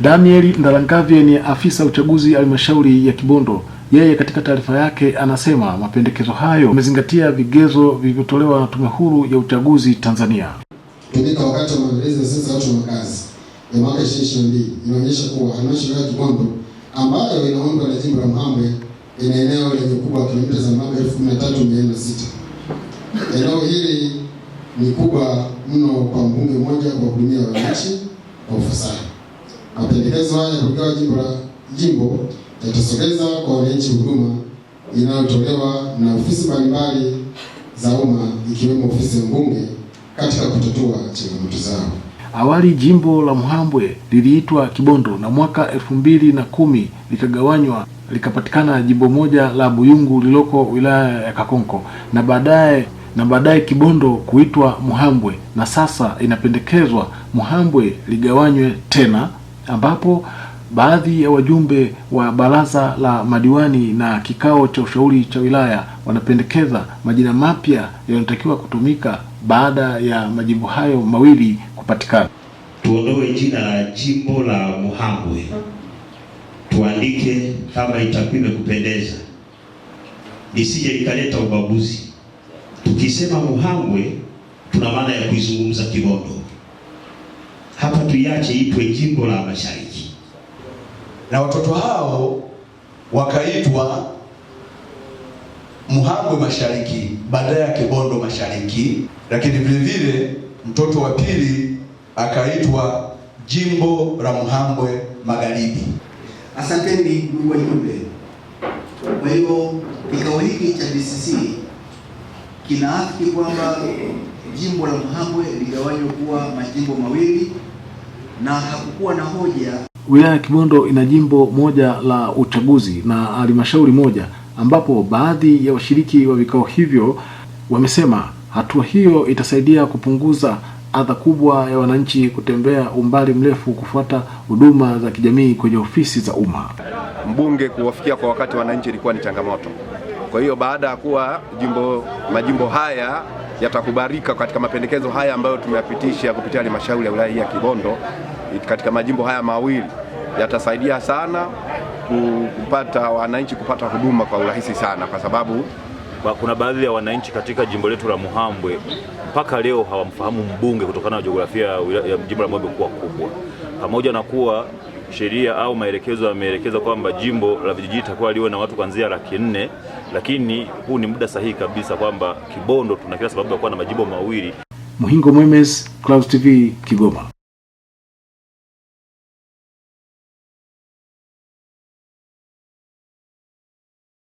Daniel Ndalangavye ni afisa uchaguzi halmashauri ya Kibondo. Yeye katika taarifa yake anasema mapendekezo hayo yamezingatia vigezo vilivyotolewa na Tume Huru ya Uchaguzi Tanzania. Pendeka wakati wa maandalizi ya sensa watu wa makazi ya mwaka 2022 inaonyesha kuwa halmashauri ya Kibondo ambayo inaundwa na jimbo la Muhambwe ina eneo lenye ukubwa wa kilomita za mraba 13406. Eneo hili ni kubwa mno kwa mbunge mmoja kwa kuhudumia wananchi kwa ufasaha. Mapendekezo haya kugawa jimbo la jimbo yatasogeza kwa wananchi huduma inayotolewa na ofisi mbalimbali za umma ikiwemo ofisi ya mbunge katika kutatua changamoto zao. Awali jimbo la Mhambwe liliitwa Kibondo na mwaka elfu mbili na kumi likagawanywa likapatikana jimbo moja la Buyungu lililoko wilaya ya Kakonko na baadaye na baadaye Kibondo kuitwa Mhambwe na sasa inapendekezwa Mhambwe ligawanywe tena ambapo baadhi ya wajumbe wa baraza la madiwani na kikao cha ushauri cha wilaya wanapendekeza majina mapya yanayotakiwa kutumika baada ya majimbo hayo mawili kupatikana. Tuondoe jina la jimbo la Muhambwe, tuandike kama itakwime kupendeza, lisije likaleta ubaguzi. Tukisema Muhambwe tuna maana ya kuizungumza Kibondo hapa tuiache itwe jimbo la Mashariki. Na watoto hao wakaitwa Muhangwe Mashariki, baadaye ya Kibondo Mashariki, lakini vile vile mtoto wa pili akaitwa jimbo la Muhangwe Magharibi. Asanteni ndugu wajumbe. Kwa hiyo kikao hiki cha DCC kinaafiki kwamba jimbo la Muhangwe ligawanywe kuwa majimbo mawili na hakukuwa na hoja. Wilaya ya Kibondo ina jimbo moja la uchaguzi na halmashauri moja, ambapo baadhi ya washiriki wa vikao hivyo wamesema hatua hiyo itasaidia kupunguza adha kubwa ya wananchi kutembea umbali mrefu kufuata huduma za kijamii kwenye ofisi za umma. Mbunge kuwafikia kwa wakati wananchi ilikuwa ni changamoto. Kwa hiyo baada ya kuwa jimbo majimbo haya yatakubarika katika mapendekezo haya ambayo tumeyapitisha kupitia halmashauri ya wilaya hii ya Kibondo katika majimbo haya mawili yatasaidia sana kupata wananchi kupata huduma kwa urahisi sana, kwa sababu kuna baadhi ya wananchi katika jimbo letu la Muhambwe mpaka leo hawamfahamu mbunge kutokana na jiografia ya jimbo la Muhambwe kuwa kubwa, pamoja na kuwa sheria au maelekezo yameelekeza kwamba jimbo la vijijini litakuwa liwe na watu kuanzia laki nne, lakini huu ni muda sahihi kabisa kwamba Kibondo tuna kila sababu ya kuwa na majimbo mawili. Muhingo Mwemes, Clouds TV, Kigoma.